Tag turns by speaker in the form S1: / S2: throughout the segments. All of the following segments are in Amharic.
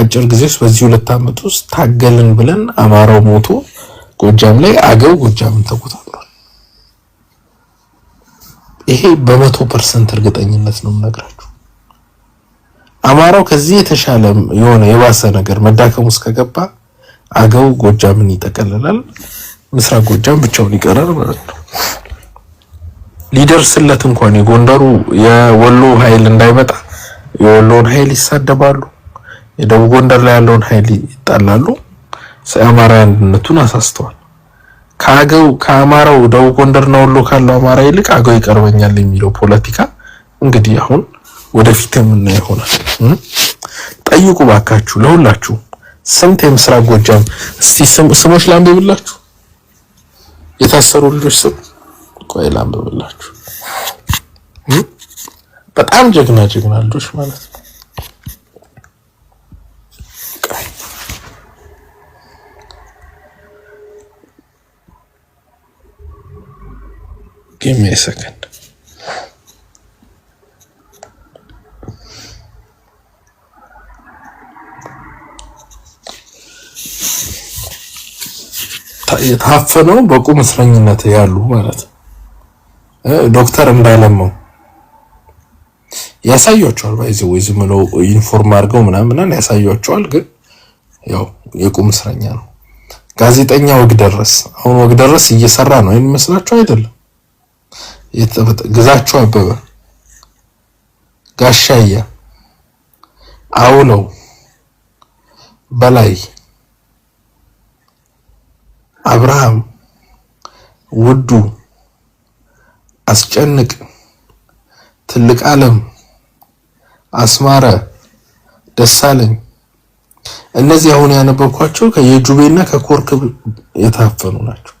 S1: አጭር ጊዜ ውስጥ በዚህ ሁለት አመት ውስጥ ታገልን ብለን አማራው ሞቶ ጎጃም ላይ አገው ጎጃምን ተቆጣጥሯል። ይሄ በመቶ ፐርሰንት እርግጠኝነት ነው የምነግራችሁ። አማራው ከዚህ የተሻለ የሆነ የባሰ ነገር መዳከም ውስጥ ከገባ አገው ጎጃምን ይጠቀልላል፣ ምስራቅ ጎጃም ብቻውን ይቀራል ማለት ነው። ሊደርስለት እንኳን የጎንደሩ የወሎ ኃይል እንዳይመጣ የወሎን ኃይል ይሳደባሉ። የደቡብ ጎንደር ላይ ያለውን ኃይል ይጣላሉ። አማራ አንድነቱን አሳስተዋል። ከአገው ከአማራው ደቡብ ጎንደር ነው ወሎ ካለው አማራ ይልቅ አገው ይቀርበኛል የሚለው ፖለቲካ እንግዲህ አሁን ወደፊት የምናየው ይሆናል። ጠይቁ ባካችሁ ለሁላችሁ ስንት የምስራቅ ጎጃም እስቲ ስሞች ላንብብላችሁ። የታሰሩ ልጆች ስም ቆይ ላንብብላችሁ። በጣም ጀግና ጀግና ልጆች ማለት ነው። Give me a second. የታፈነው በቁም እስረኝነት ያሉ ማለት ዶክተር እንዳለመው ያሳያቸዋል። ባይዚ ወይ ዝም ብለው ዩኒፎርም አድርገው ምናምን ያሳያቸዋል። ግን ያው የቁም እስረኛ ነው። ጋዜጠኛ ወግ አሁን ወግደረስ ደረስ እየሰራ ነው። ይህን ይመስላችሁ አይደለም ግዛቸው አበበ፣ ጋሻያ አውለው፣ በላይ አብርሃም፣ ውዱ አስጨንቅ፣ ትልቅ ዓለም አስማረ፣ ደሳለኝ እነዚህ አሁን ያነበብኳቸው ከየጁቤና ከኮርክብ የታፈኑ ናቸው።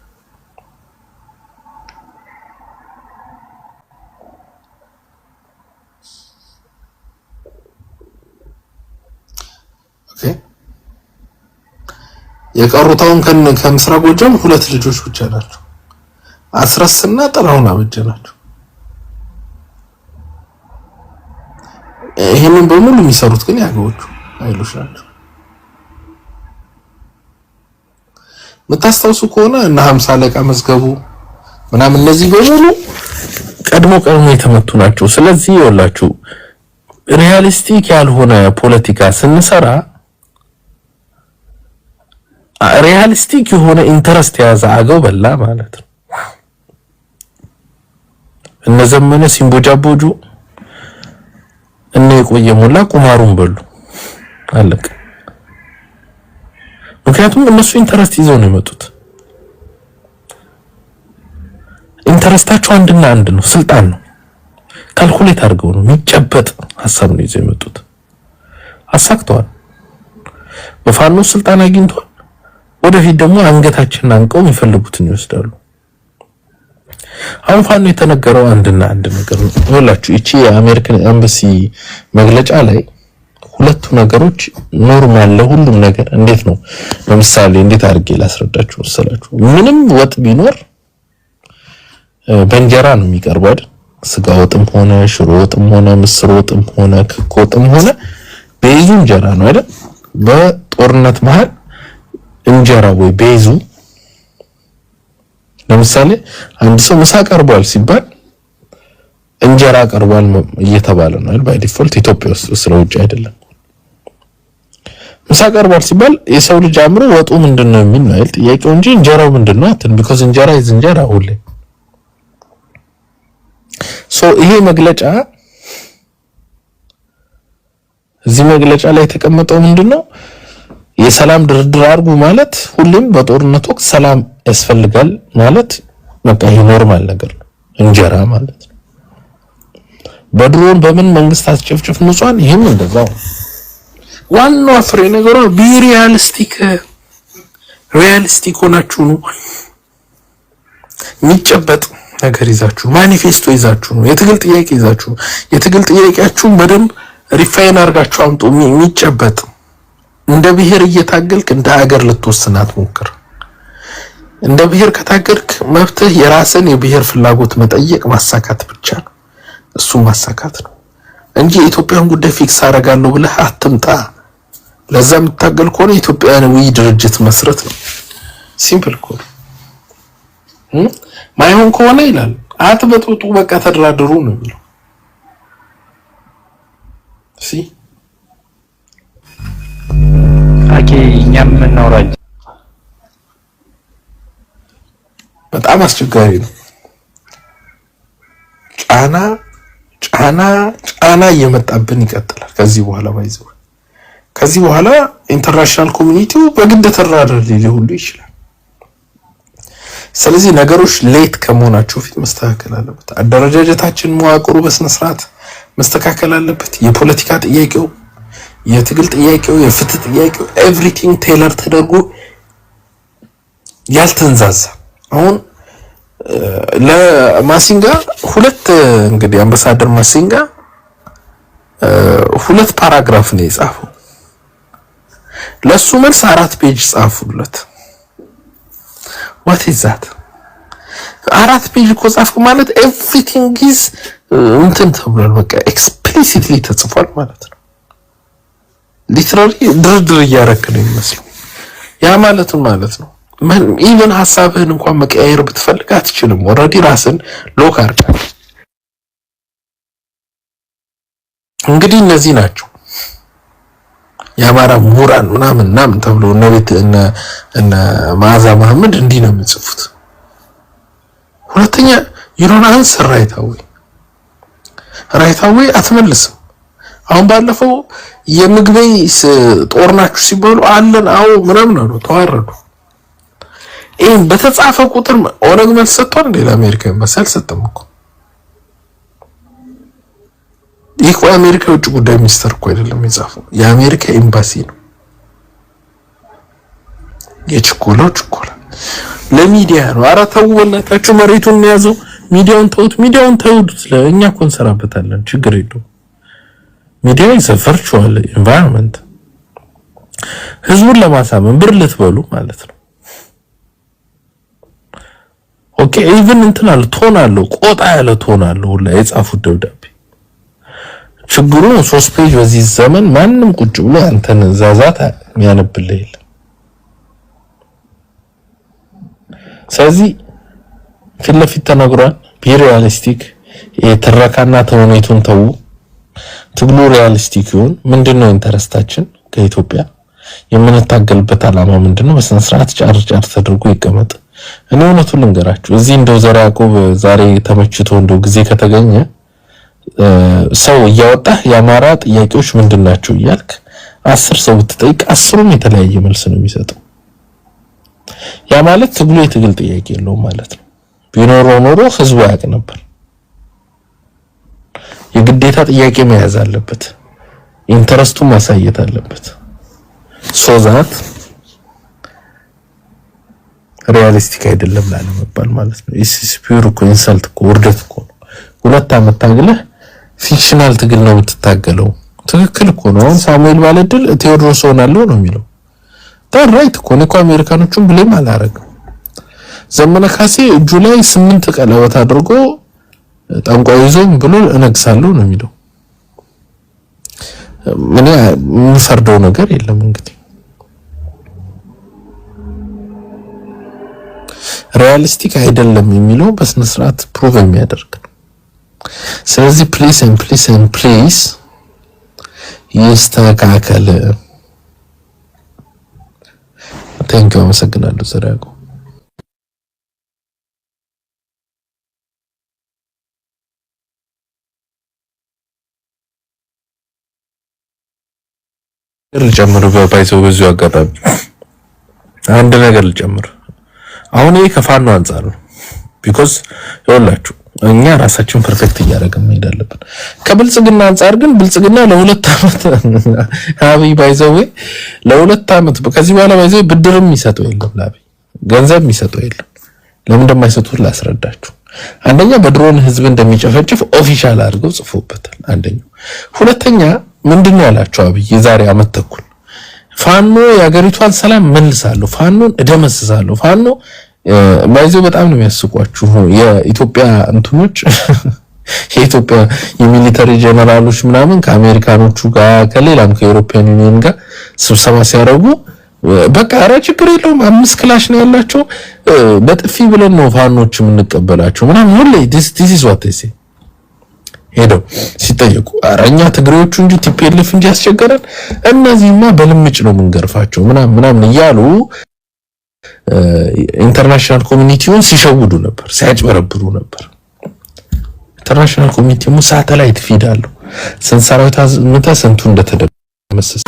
S1: የቀሩት አሁን ከምስራቅ ጎጃም ሁለት ልጆች ብቻ ናቸው። አስረስና ጥላሁን አበጀ ናቸው። ይህንን በሙሉ የሚሰሩት ግን ያገቦቹ ኃይሎች ናቸው። የምታስታውሱ ከሆነ እና ሀምሳ አለቃ መዝገቡ ምናምን እነዚህ በሙሉ ቀድሞ ቀድሞ የተመቱ ናቸው። ስለዚህ ይኸውላችሁ ሪያሊስቲክ ያልሆነ ፖለቲካ ስንሰራ ሪያሊስቲክ የሆነ ኢንተረስት የያዘ አገው በላ ማለት ነው። እነ ዘመነ ሲንቦጃቦጁ እነ የቆየ ሞላ ቁማሩን በሉ አለቀ። ምክንያቱም እነሱ ኢንተረስት ይዘው ነው የመጡት። ኢንተረስታቸው አንድና አንድ ነው፣ ስልጣን ነው። ካልኩሌት አድርገው ነው የሚጨበጥ ሀሳብ ነው ይዘው የመጡት። አሳክተዋል። በፋኖ ስልጣን አግኝተዋል። ወደፊት ደግሞ አንገታችንን አንቀው የሚፈልጉትን ይወስዳሉ። አሁን ፋኖ የተነገረው አንድና አንድ ነገር ነው ሁላችሁ እቺ የአሜሪካን ኤምባሲ መግለጫ ላይ ሁለቱ ነገሮች ኖርማል ለሁሉም ነገር እንዴት ነው? ለምሳሌ እንዴት አድርጌ ላስረዳችሁ መሰላችሁ? ምንም ወጥ ቢኖር በእንጀራ ነው የሚቀርበው አይደል? ስጋ ወጥም ሆነ ሽሮ ወጥም ሆነ ምስር ወጥም ሆነ ክክ ወጥም ሆነ በይዙ እንጀራ ነው አይደል? በጦርነት መሀል እንጀራ ወይ ቤዙ ለምሳሌ አንድ ሰው ምሳ ቀርቧል ሲባል እንጀራ ቀርቧል እየተባለ ነው አይደል? ባይ ዲፎልት ኢትዮጵያ ውስጥ ስለ ውጭ አይደለም። ምሳ ቀርቧል ሲባል የሰው ልጅ አእምሮ ወጡ ምንድነው የሚል ነው አይደል ጥያቄው እንጂ እንጀራው ምንድነው አትን ቢኮዝ እንጀራ ይዝ እንጀራ ሁሌ ሶ ይሄ መግለጫ እዚህ መግለጫ ላይ የተቀመጠው ምንድነው የሰላም ድርድር አድርጉ ማለት ሁሌም በጦርነት ወቅት ሰላም ያስፈልጋል ማለት በቃ ይሄ ኖርማል ነገር እንጀራ ማለት ነው። በድሮን በምን መንግስት አስጨፍጭፍ ንጹሃን፣ ይህም እንደዛው ዋናው ፍሬ ነገሯ ቢሪያሊስቲክ ሪያሊስቲክ ሆናችሁ ነው የሚጨበጥ ነገር ይዛችሁ ማኒፌስቶ ይዛችሁ ነው የትግል ጥያቄ ይዛችሁ የትግል ጥያቄያችሁ በደንብ ሪፋይን አድርጋችሁ አምጡ የሚጨበጥ እንደ ብሔር እየታገልክ እንደ ሀገር ልትወስናት ሞክር። እንደ ብሔር ከታገልክ መብትህ የራስን የብሔር ፍላጎት መጠየቅ ማሳካት ብቻ ነው። እሱም ማሳካት ነው እንጂ የኢትዮጵያን ጉዳይ ፊክስ አደርጋለሁ ብለህ አትምጣ። ለዛ የምታገል ከሆነ ኢትዮጵያዊ ድርጅት መስረት ነው። ሲምፕል እኮ ማይሆን ከሆነ ይላል አትበጡጡ፣ በቃ ተደራደሩ ነው የሚለው። እናውራ እንጂ በጣም አስቸጋሪ ነው። ጫና ጫና ጫና እየመጣብን ይቀጥላል። ከዚህ በኋላ ባይዘው ከዚህ በኋላ ኢንተርናሽናል ኮሚኒቲው በግድ ተራዳሪ ሊሆን ይችላል። ስለዚህ ነገሮች ሌት ከመሆናቸው ፊት መስተካከል አለበት። አደረጃጀታችን መዋቅሩ በስነስርዓት መስተካከል አለበት። የፖለቲካ ጥያቄው የትግል ጥያቄው፣ የፍትህ ጥያቄው ኤቭሪቲንግ ቴይለር ተደርጎ ያልተንዛዛ አሁን ለማሲንጋ ሁለት እንግዲህ አምባሳደር ማሲንጋ ሁለት ፓራግራፍ ነው የጻፈው። ለሱ መልስ አራት ፔጅ ጻፉለት። what is that አራት ፔጅ እኮ ጻፍክ ማለት everything is እንትን ተብሏል። በቃ ኤክስፕሊሲትሊ ተጽፏል ማለት ነው። ሊትራሪ ድርድር እያረክ ነው የሚመስለው። ያ ማለት ማለት ነው ኢቨን ሀሳብህን እንኳን መቀያየር ብትፈልግ አትችልም። ኦልሬዲ ራስን ሎክ አድርጋል። እንግዲህ እነዚህ ናቸው የአማራ ምሁራን ምናምን ምናምን ተብሎ እነ ቤት እነ መዓዛ መሐመድ እንዲህ ነው የሚጽፉት። ሁለተኛ ዩሮናን ራይታዊ ራይታዊ አትመልስም አሁን ባለፈው የምግበይ ጦር ናችሁ ሲባሉ አለን አዎ ምናምን አሉ፣ ተዋረዱ። ይህም በተጻፈ ቁጥር ኦነግ መልስ ሰጥቷል። ሌላ አሜሪካ መልስ አልሰጠም እኮ ይህ እኮ የአሜሪካ የውጭ ጉዳይ ሚኒስተር እኮ አይደለም የጻፈው፣ የአሜሪካ ኤምባሲ ነው። የችኮላው ችኮላ ለሚዲያ ነው። ኧረ ተው በእናታችሁ፣ መሬቱን የያዘው ሚዲያውን ተውት፣ ሚዲያውን ተውት። እኛ እኮ እንሰራበታለን፣ ችግር የለውም። ሚዲያ ኢዝ ቨርቹዋል ኢንቫይሮንመንት። ህዝቡን ለማሳመን ብር ልትበሉ ማለት ነው። ኦኬ ኢቭን እንትን አለ ቶን አለው ቆጣ ያለ ቶን አለው ሁላ የጻፉት ደብዳቤ። ችግሩ ሶስት ፔጅ በዚህ ዘመን ማንም ቁጭ ብሎ አንተን ዛዛት የሚያነብልህ የለም። ስለዚህ ፊት ለፊት ተነግሯል። ቢሪያሊስቲክ የትረካና ተውኔቱን ተዉ። ትግሉ ሪያሊስቲክ ይሁን። ምንድን ነው ኢንተረስታችን ከኢትዮጵያ የምንታገልበት አላማ ምንድን ነው? በስነ ስርዓት ጫር ጫር ተደርጎ ይቀመጥ። እኔ እውነቱን ልንገራችሁ፣ እዚህ እንደው ዘር ያዕቆብ ዛሬ ተመችቶ እንደው ጊዜ ከተገኘ ሰው እያወጣህ የአማራ ጥያቄዎች ምንድን ናቸው እያልክ አስር ሰው ብትጠይቅ አስሩም የተለያየ መልስ ነው የሚሰጠው። ያ ማለት ትግሉ የትግል ጥያቄ የለውም ማለት ነው። ቢኖረው ኖሮ ህዝቡ ያውቅ ነበር። የግዴታ ጥያቄ መያዝ አለበት። ኢንተረስቱ ማሳየት አለበት። ሶዛት ሪያሊስቲክ አይደለም ላለመባል ማለት ነው። ኢስ ፒዩር እኮ ኢንሰልት እኮ ውርደት እኮ ነው። ሁለት ዓመት ታግለህ ፊክሽናል ትግል ነው የምትታገለው። ትክክል እኮ ነው። አሁን ሳሙኤል ባለድል ቴዎድሮስ ሆናለሁ ነው የሚለው። ራይት እኮ ነው። አሜሪካኖቹን ብሌም አላረግም። ዘመነ ካሴ እጁ ላይ ስምንት ቀለበት አድርጎ ጠንቋይ ይዞኝ ብሎ እነግሳለሁ ነው የሚለው። እኔ የምፈርደው ነገር የለም። እንግዲህ ሪያሊስቲክ አይደለም የሚለው በስነ ስርዓት ፕሩቭ የሚያደርግ ስለዚህ ፕሊስ ኤንድ ፕሊስ ኤንድ ፕሌስ ይስተካከል። ቴንክ አመሰግናለሁ ዘሪያቆ ነገር ልጨምር በባይሰው በዚሁ አጋጣሚ አንድ ነገር ልጨምር። አሁን ይሄ ከፋኖ አንጻር ነው። ቢኮዝ ይኸውላችሁ እኛ ራሳችን ፐርፌክት እያደረግን መሄድ አለብን። ከብልጽግና አንጻር ግን ብልጽግና ለሁለት ዓመት አብይ ባይዘው ለሁለት ዓመት ከዚህ በኋላ ባይዘው ብድርም የሚሰጠው የለም ለአብይ ገንዘብ የሚሰጠው የለም። ለምን እንደማይሰጡት ላስረዳችሁ። አንደኛ በድሮን ህዝብ እንደሚጨፈጭፍ ኦፊሻል አድርገው ጽፎበታል። አንደኛው ሁለተኛ ምንድን ነው ያላቸው አብይ የዛሬ አመት ተኩል ፋኖ የሀገሪቷን ሰላም መልሳለሁ፣ ፋኖን እደመስሳለሁ፣ ፋኖ ባይዞ በጣም ነው የሚያስቋችሁ የኢትዮጵያ እንትኖች የኢትዮጵያ የሚሊተሪ ጀነራሎች ምናምን ከአሜሪካኖቹ ጋር ከሌላም ከኤሮፒያን ዩኒየን ጋር ስብሰባ ሲያደርጉ በቃ ኧረ ችግር የለውም አምስት ክላሽ ነው ያላቸው፣ በጥፊ ብለን ነው ፋኖች የምንቀበላቸው ምናምን ሁሌ ዲስ ኢዝ ዋት ሄደው ሲጠየቁ አረኛ ትግሬዎቹ እንጂ ቲፒኤልፍ እንጂ ያስቸገረን እነዚህማ በልምጭ ነው የምንገርፋቸው ምናምን ምናምን እያሉ ኢንተርናሽናል ኮሚኒቲውን ሲሸውዱ ነበር፣ ሲያጭበረብሩ ነበር። ኢንተርናሽናል ኮሚኒቲው ሳተላይት ፊድ አለው። ስንት ሰራዊት አዝምተ ስንቱ እንደተደመሰሰ